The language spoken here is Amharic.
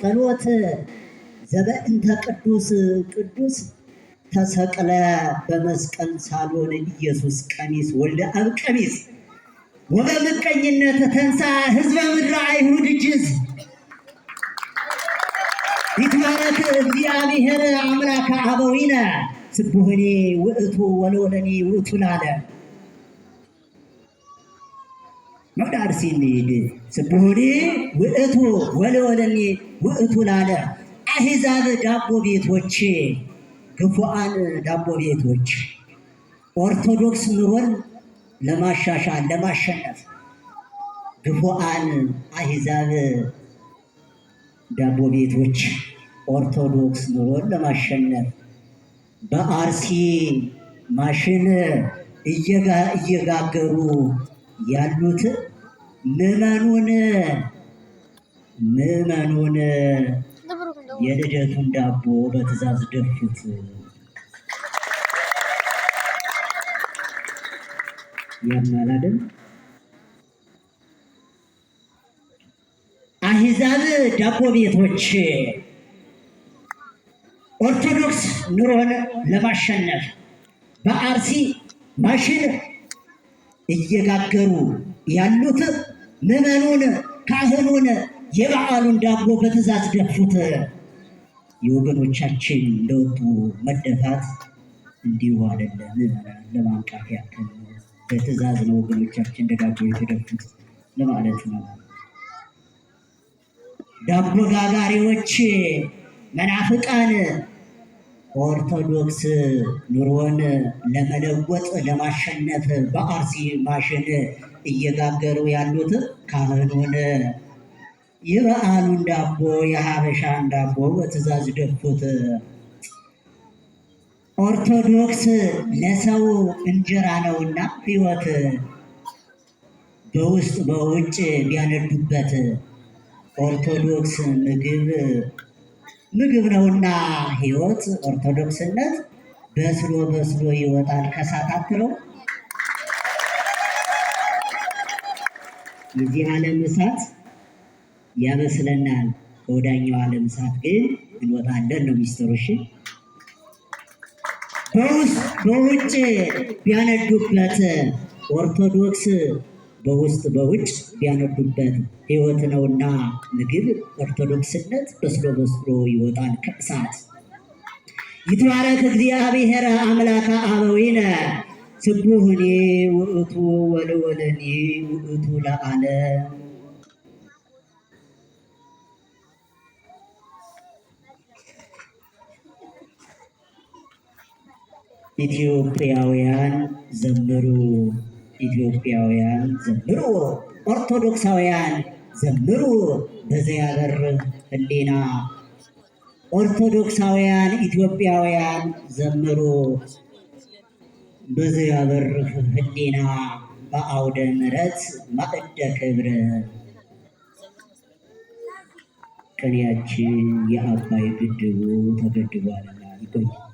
ጸሎት ዘበእንተ ቅዱስ ቅዱስ ተሰቅለ በመስቀል ሳሎን ኢየሱስ ቀሚስ ወልደ አብ ቀሚስ ወበምቀኝነት ተንሳ ህዝበ ምድር አይሁድ እጅዝ ይትባረክ እግዚአብሔር አምላከ አበዊነ ስቡህኔ ውእቱ ወለወለኔ ውእቱ ላለ ወደ አርሲ እንሂድ ስብሑኒ ውእቱ ወልወለኒ ውእቱ ላለ አሕዛብ ዳቦ ቤቶች፣ ክፉአን ዳቦ ቤቶች ኦርቶዶክስ ኑሮን ለማሻሻል ለማሸነፍ ክፉአን አሕዛብ ዳቦ ቤቶች ኦርቶዶክስ ኑሮን ለማሸነፍ በአርሲ ማሽን እየጋገሩ ያሉትን ምዕመኑን ምዕመኑን የልደቱን ዳቦ በትእዛዝ ደፉት። ያማላደም አህዛብ ዳቦ ቤቶች ኦርቶዶክስ ኑሮን ለማሸነፍ በአርሲ ማሽን እየጋገሩ ያሉት ምዕመኑን ካህኑን የበዓሉን ዳቦ በትእዛዝ ደፉት። የወገኖቻችን ለወጡ መደፋት እንዲሁ አይደለም፣ ለማንቃት ያክል በትእዛዝ ነው ወገኖቻችን ደጋግሞ የተደፉት ለማለት ነው። ዳቦ ጋጋሪዎች መናፍቃን ኦርቶዶክስ ኑሮን ለመለወጥ ለማሸነፍ በአርሲ ማሽን እየጋገሩ ያሉት ካህኑን የበዓሉን ዳቦ የሀበሻን ዳቦ በትእዛዝ ደፉት። ኦርቶዶክስ ለሰው እንጀራ ነውና ሕይወት በውስጥ በውጭ ቢያነዱበት ኦርቶዶክስ ምግብ ምግብ ነውና ሕይወት ኦርቶዶክስነት በስሎ በስሎ ይወጣል ከሳት አትለው። የዚህ ዓለም እሳት ያበስለናል፣ ከወዳኛው ዓለም እሳት ግን እንወጣለን ነው ሚስጥሮሽ። በውስጥ በውጭ ቢያነዱበት ኦርቶዶክስ በውስጥ በውጭ ያነዱበት ህይወት ነውና ምግብ ኦርቶዶክስነት በስሎ በስሎ ይወጣል ከእሳት። ይትባረክ እግዚአብሔር አምላከ አበዊነ ስቡህኔ ውእቱ ወልወለኔ ውእቱ ለዓለም ኢትዮጵያውያን ዘምሩ ኢትዮጵያውያን ዘምሩ ኦርቶዶክሳውያን ዘምሩ በዘያበርህ ህሊና ኦርቶዶክሳውያን ኢትዮጵያውያን ዘምሩ በዘያበርህ ህሊና በአውደ ምረት ማዕደ ክብር ቅኔያችን የአባይ ግድቡ ተገድቧልና ይቆያል።